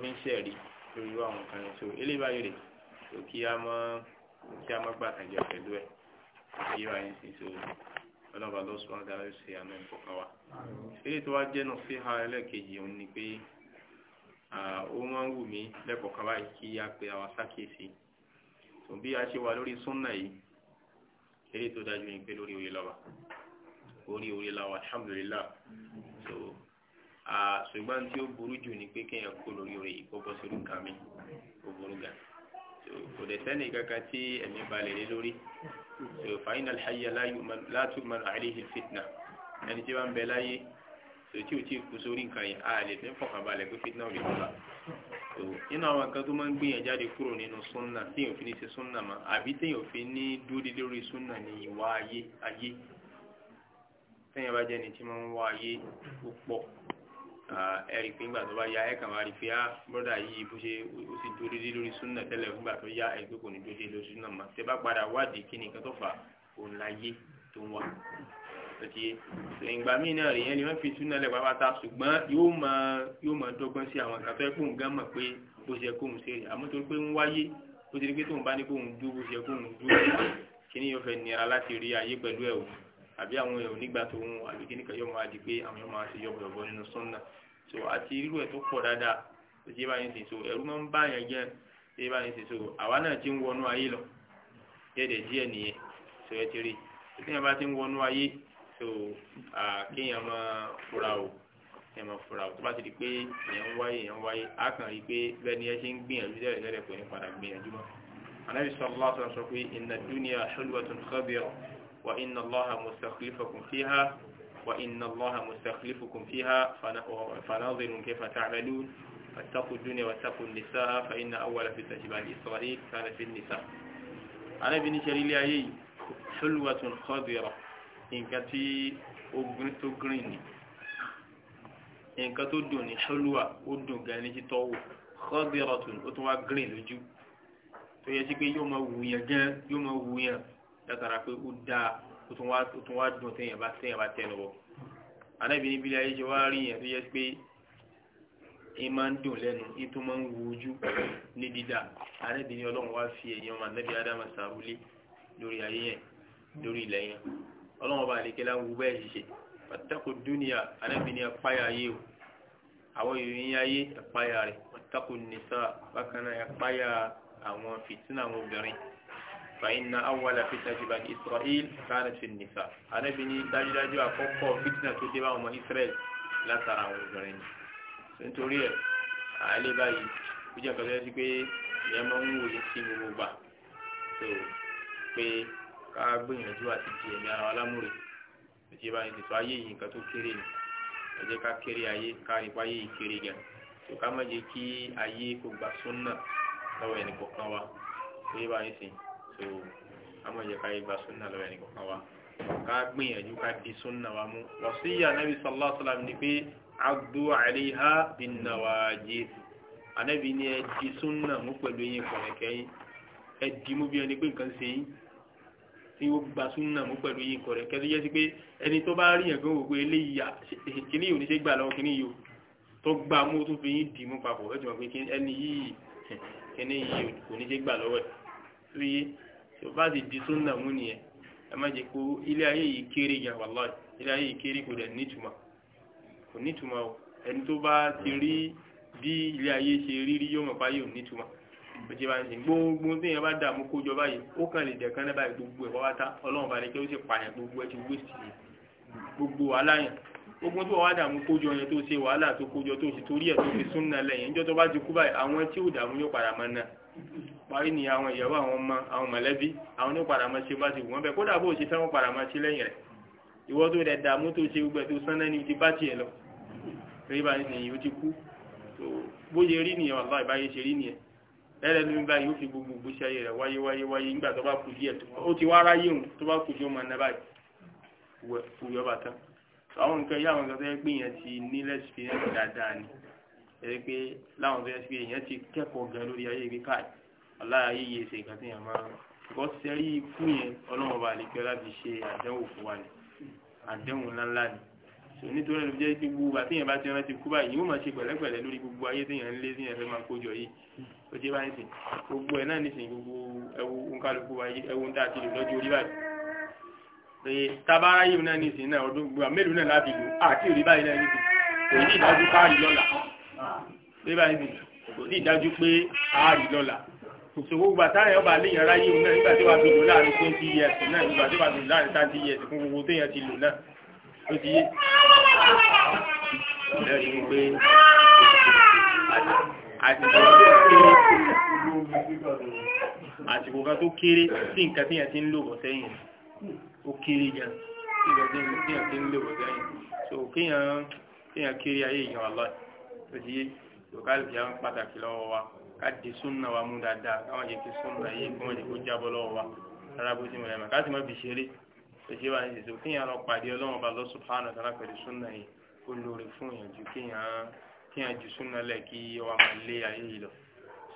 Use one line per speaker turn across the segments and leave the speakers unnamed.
fi ń ṣẹ̀rí lórí irú àwọn kan so eléyìí báyìí rè so kí a mọ kí a mọ gbà kàn jẹ pẹ̀lú ẹ̀ kí a yẹn sì so ọlọ́ba lọ sọ ọ́dà yóò ṣe àná ìfọkàn wa. eléyìí tó wá jẹ́ sí ha ẹlẹ́ẹ̀kejì òun ni pé ó máa ń wù mí lẹ́kọ̀ọ́ báyìí kí a pe àwa sákèsí so bí a ṣe wà lórí súnà yìí eléyìí tó dájú ni pé lórí orí lọ́wọ́ orí orí lọ́wọ́ alhamdulillah so ṣùgbọ́n tí ó burú jù ni pé kéèyàn kó lórí orí ìkọ́bọ̀ sí orúkà mi ó burú gan kò dẹ̀ sẹ́ni kankan tí ẹ̀mí balẹ̀ lé lórí fàyínà alhayya látùmọ̀ àìlèhìn fitna ẹni tí wọ́n bẹ láyé tí ò tí kú sórí nǹkan yìí a lè fi ń fọkànbalẹ̀ pé fitna ò lè kọ́ bá nínú àwọn nǹkan tó máa ń gbìyànjú jáde kúrò nínú súnà téèyàn fi ní ṣe súnà mọ́ àbí téèyàn fi ní dúró lórí súnà ní ìwà ayé ayé téèyàn bá jẹ́ ni tí máa ń wá ayé púpọ̀ Eh, ẹ̀rí pé ńgbà tó bá ya ẹ̀kan wá rí fi á bọ́dà yìí bó ṣe ó sì dúró dé lórí súnà tẹ́lẹ̀ fúngbà tó ya ẹ̀rí pé kò ní dúró dé lórí súnà mọ́ tẹ́ bá padà wádìí kí nìkan tó fà òun láyé tó ń wà lọ́tí ìgbà míì náà rèé ẹni wọ́n fi súnà lẹ̀ pàápàá ṣùgbọ́n yóò máa yóò máa dọ́gbọ́n sí àwọn kan tó yẹ kóun gán mọ̀ pé bó ṣe kóun ṣe rè àmọ́ torí pé ń wáyé bó ṣe rí pé tóun bá ní kóun dúró bó ṣe kóun dúró kí àbí àwọn èèyàn onígbà tó ń àbí kíní kan yóò máa di pé àwọn èèyàn máa ṣe yọ̀bọ̀yọ̀bọ̀ nínú sunna so àti irú ẹ̀ tó pọ̀ dáadáa tó ṣe báyìí sìn so ẹ̀rú máa ń bá yẹn jẹ́ ṣe báyìí sìn so àwa náà ti ń wọnú ayé lọ déédéé díẹ̀ nìyẹn so ẹ ti rí ìpínlẹ̀ bá ti ń wọnú ayé so kéèyàn máa fura o ẹ máa fura o tó bá ti di pé èèyàn ń wáyé èèyàn ń wáyé á kàn rí pé bẹ́ẹ̀ ni ẹ ṣe ń gbìyànjú tẹ́lẹ̀ tẹ́lẹ̀ kò padà gbìyànjú mọ́ النبي صلى الله عليه وسلم إن الدنيا حلوة خبيرة وإن الله مستخلفكم فيها وإن الله مستخلفكم فيها فناظر كيف تعملون فاتقوا الدنيا واتقوا النساء فإن أول في تجمع الإسرائيل كان في النساء أنا بني شريلي أي حلوة خضرة إن كانت أبنت قريني إن كانت الدنيا حلوة أدنى كانت تطوى خضرة أطوى قريني tó yẹ sí pé yóò máa wù yẹn gẹ́ yóò máa wù yẹn látara pé ó dáa ó tún wá dùn téèyàn bá téèyàn bá tẹ̀ lọ́wọ́ anábì níbi ilé ayé ṣe wá rí yẹn tó yẹ sí pé ẹ máa ń dùn lẹ́nu ẹ tó máa ń wù ojú ní dídá anábì ní ọlọ́run wá fi ẹ̀yìn ọmọ anábì ádámà sàrúlé lórí ayé yẹn lórí ilẹ̀ yẹn ọlọ́run ọba àlekẹ́lá ń wú bẹ́ẹ̀ ṣiṣẹ́ pàtàkó dúnìyà anábì ní apáyà ayé o àwọn ìròyìn ayé apáyà rẹ̀ pàtàkó nìsa bákan náà apáyà àwọn fìtínà àwọn obìnrin fàyínà awàlà fìtínà ti bani israel kánà ti nìfà anábì ní dájúdájú àkọ́kọ́ fìtínà tó dé bá ọmọ israel látara àwọn obìnrin ni nítorí ẹ̀ àálẹ́ báyìí ó jẹ́ nǹkan tó yẹ sí pé ìyẹn máa ń wòye sí gbogbo gbà tó pé ká gbìyànjú àti di ẹ̀mí ara wa lámúre ìṣe báyìí tètè ayé yìí nǹkan tó kéré ni ẹ ká kéré ayé ká nípa ayé yìí kéré gan tó ká má jẹ́ kí ayé kò gba sún náà lọ́wọ́ ẹnì kọ̀ọ̀kan wa tó yé báyìí sìn so àmọ́ ìjẹ́ ká yé gba súnà lọ́wọ́ ẹnì kọ̀ọ̀kan wa ká gbìyànjú ká di súnà wa mú wàsíyà anábì sallallahu alaihi wasallam ni pé addu alaiha bin nawajid anábì ni ẹ di súnà mú pẹ̀lú eyín kọ̀ọ̀kẹ́ yín ẹ di mú bí ẹni pé nǹkan ṣe yín tí ó gba súnà mú pẹ̀lú eyín kọ̀ọ̀kẹ́ tó jẹ́ sí pé ẹni tó bá rí yàn kó wò pé eléyìí kìnìyàn ò ní ṣe gbà lọ́wọ́ kìnìyàn tó gbà mú tó fi yín dì mú papọ̀ ẹ kíní yìí kò ní ṣe gbà lọ́wọ́ ẹ̀ tó yé tó bá ti di súnà mú nìyẹn ẹ má jẹ́ kó ilé ayé yìí kéré gan wàláì ilé ayé yìí kéré kò dẹ̀ nítumọ̀ kò nítumọ̀ o ẹni tó bá ti rí bí ilé ayé ṣe rí rí yóò mọ̀ pa yóò nítumọ̀ òjì bá ń sìn gbogbo tí yẹn bá dààmú kójọ báyìí ó kàn lè dẹ̀kan náà báyìí gbogbo ẹ̀ wá ọlọ́run bá ní kí ó sì pààyàn gbogbo ẹ̀ ti wéṣì gbogbo aláyàn ogun tó wà dààmú kójọ yẹn tó ṣe wàhálà tó kójọ tó ṣe torí ẹ̀ tó fi súnà lẹ́yìn níjọ́ tó bá ti kú báyìí àwọn tí ò dààmú yóò padà máa na parí ni àwọn ìyàwó àwọn ọmọ àwọn mọ̀lẹ́bí àwọn ní padà máa ṣe bá ti wù wọ́n bẹ́ẹ̀ kódà bó ṣe fẹ́ wọ́n padà máa ṣe lẹ́yìn rẹ̀ ìwọ tó rẹ̀ dààmú tó ṣe gbẹ tó sán lẹ́ni ti bá tiẹ̀ lọ torí bá nìyí ó ti kú bó ṣe rí nìyẹn wàhálà ìbáyé ṣe rí nìyẹn lẹ́lẹ́ ló ń báyìí ó fi gbogbo ìgbésí ayé rẹ̀ wáyé wáyé wáyé nígbà tó bá kù díẹ̀ ó ti wá ráyé òun tó bá kù sí ọmọ náà báyìí wẹ̀ kú bàtán àwọn nǹkan yá àwọn nǹkan tó yẹ pé èèyàn ti ní lẹ́sìpírẹ́ǹsì dáadáa ni ẹ pé láwọn tó yẹ pé èèyàn ti kẹ́kọ̀ọ́ gan lórí ayé ìgbé káì aláàyè yìí ṣe nǹkan tí èèyàn máa ń kọ́ sẹ́rí fún yẹn ọlọ́run ọba àlejò láti ṣe àdánwò fún wa ni àdánwò ńláńlá ni so nítorí ẹni jẹ́ pé gbogbo àtẹ̀yìn bá ti rántí kú báyìí yóò máa ṣe pẹ̀lẹ́pẹ̀lẹ́ lórí gbogbo ayé téèyàn ń lé téèyàn fẹ́ máa kójọ yìí ó ti bá ń sìn gbogbo ẹ̀ náà nìsín gbogbo ẹwu ń kálukú wa ń dá àti lọ́jọ́ orí báyìí pé tabara yìí náà nìsín náà ọdún gbogbo mélòó náà láti lò àti òrí báyìí náà nìsín kò ní ìdájú káàrí lọ́la pé báyìí nìsín kò ní ìdájú pé àárí lọ́la ìṣòwò gbà táyà ọba léèyàn ráyè òun náà nígbà tí wàá fi lò láàrin twenty years náà nígbà tí wàá fi lò láàrin thirty years fún gbogbo téèyàn ti lò náà ó ti yé lẹ́rìí mú pé àsìkò tó kéré àsìkò kan tó kéré sí nǹkan téèyàn ti ń lò bọ̀ sẹ́yìn ó kéré gan ìgbàdé ìyàn tí ń lè wọ̀ gáyìn so kéèyàn kéré ayé èèyàn àlọ́ òjì lókàlì kí á ń pàtàkì lọ́wọ́ wa ká di súnà wa mú dáadáa káwọn yẹ kí súnà yé kí wọ́n yẹ kó jábọ́ lọ́wọ́ wa rárá bó ti mọ̀ lẹ́mọ̀ káàtì má fi ṣeré òjì wa ní ìṣèṣe kéèyàn lọ pàdé ọlọ́run bá lọ subhanahu ta'ala pẹ̀lú súnà yìí ó lóore fún èèyàn ju kéèyàn ju súnà lẹ̀ kí ọwọ́ máa lé ayé yìí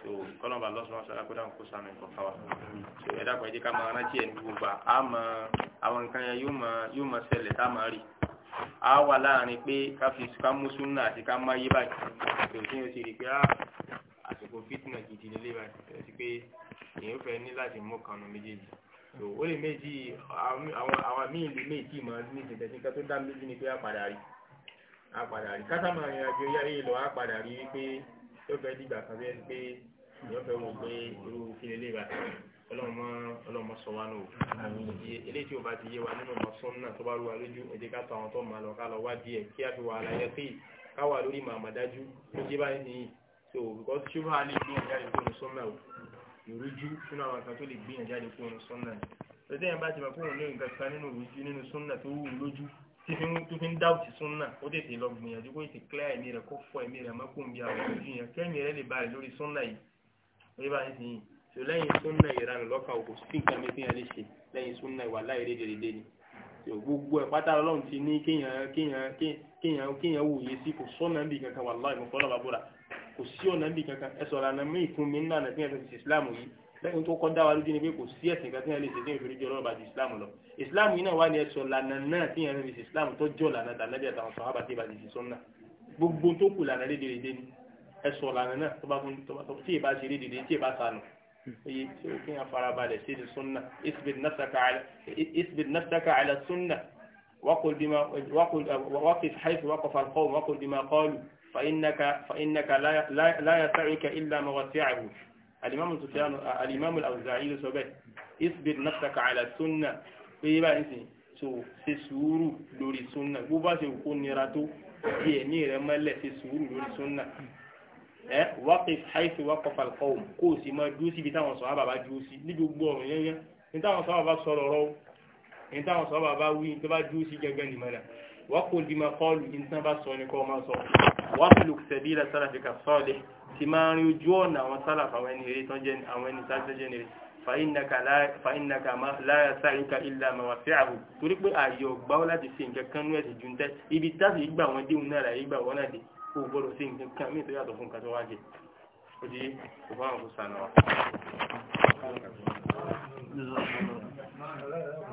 so kọ́nà bá lọ́sọ̀rọ̀ aṣọ alákọ̀dá kó sànù ẹ̀kọ́ káwa so ẹ̀dá kan ẹ̀dí ká máa rántí ẹni gbogbo a máa àwọn nǹkan yẹn yóò máa yóò máa ṣẹlẹ̀ tá a máa rí a wà láàrin pé ká fi ká mú súnà àti ká má yé báyìí so kí ni o ti rí pé ah, àsìkò fitna gidi lélẹ̀ báyìí ẹ̀ ti pé èèyàn fẹ́ ní láti mú kanu méjèèjì so ó lè méjì àwọn àwọn míì lè méjì máa ní ìṣẹ̀tẹ̀sí ká tó dá méjì ni pé á padà rí á padà rí ká sá máa rìnrìn àjò yá èèlò á padà rí wípé tó fẹ́ dìgbà kan bẹ́ẹ̀ pé yóò fẹ́ wọ pé irú kíni lè bá ọlọ́mọ ọlọ́mọ sọ wa nù eléyìí tí o bá ti yé wa nínú ọmọ sọ́n náà tó bá rú wa lójú ẹ jẹ́ ká tọ àwọn tó máa lọ ká lọ wá díẹ̀ kí a fi wà láyé pé ká wà lórí màmá dájú ó jẹ́ báyìí nìyí so because ṣé wàá lè gbìyànjú àdé fóònù sọ́nà o ìrújú sínú àwọn kan tó lè gbìyànjú àdé fóònù sọ́nà lọ́tẹ́ yẹn bá ti mọ̀ fóònù lóyún kankan nínú ìrújú nínú sọ́nà tó wù lójú tó fi ń dáwùtì sọ́nà ó tètè lọ gbìyànjú kó tètè clear ẹ̀mí rẹ̀ kó fọ ẹ̀mí rẹ̀ mọ́kùnrin bí àwọn ìrújú yẹn kẹ́mi rẹ̀ lè balẹ̀ lórí sọ́nà yìí orí bá yín ti yìn tó lẹ́yìn súnà ìranù lọ́kà òkú sí nǹkan mi fihàn lè ṣe lẹ́yìn súnà ìwà láì rédèrèdè ni tó gbogbo ẹ̀ pátá ọlọ́run ti ní kéèyàn kéèyàn kéèyàn kéèyàn wòye sí kò sọ́nà ń bì kankan wàláhì mo fọ́lọ́ bàbúrà kò sí ọ̀nà ń bì kankan ẹ sọ̀rọ̀ àná mí ìfún mi nínú àná tí wọ́n fi ìsìlámù yìí lẹ́yìn tó kọ́ dáwà lójú ni pé kò sí ẹ̀sìn kan tí wọ́n lè ṣe tí wọ́n fi rí jọ lọ́rọ̀ bá ti ìsìlámù lọ ìsìlámù yìí náà wà ní ẹ̀sọ̀ lànà náà tí wọ́n fi ti sọ́nà gbogbo tó kù ẹ sọ̀rọ̀ àná náà tó bá tí ì bá ṣe rí dìde tí ì bá sànù oye tí o kéèyàn farabalẹ̀ ṣe ní sunna isbid nafsaka ala sunna waqul bima waqif haythu waqafa alqawm waqul bima qalu فإنك فإنك لا لا لا يسعك إلا ما وسعه الإمام سفيان الإمام الأوزاعي سبه اصبر نفسك على السنة في بانسي so ṣe sùúrù lórí sunna bó bá ṣe kó nira tó díẹ̀ ní ìrẹ́mọ́lẹ̀ ṣe sùúrù lórí sunna ẹ wákìf haifi wákọfà kọ́ọ̀m kó o sì máa dúró síbi táwọn sọ̀rọ̀ bàbá dúró sí níbi gbogbo ọ̀rọ̀ yẹn yẹn ní táwọn sọ̀rọ̀ bàbá sọ̀rọ̀ rọ́ ní táwọn sọ̀rọ̀ bàbá wí ní tó bá dúró sí gẹ́gẹ́ ní mọ́lá wákò bímọ kọ́ọ̀lù ní tán bá sọ ní kọ́ máa sọ wákìlù sẹ̀bílà sálàfíkà sọ́ọ̀lẹ̀ ti máa rin ojú ọ̀nà àwọn sálàfà àwọn ẹni eré tán jẹ́ àwọn ẹni sáájú jẹ́ nìyẹn fàínàkà láyà sáyíká ilẹ̀ àmàwàsí àhù torí pé àyọ̀ gbáwọ́ láti fi nǹkan kan ní ẹ̀sìn jùntẹ́ ibi táàsì ìgbà wọn déhùn náà ìgbà wọn náà dé kó sí nǹkan kan mí tó yàtọ̀ fún nǹkan wá jẹ ó di àwọn kò sànà wa.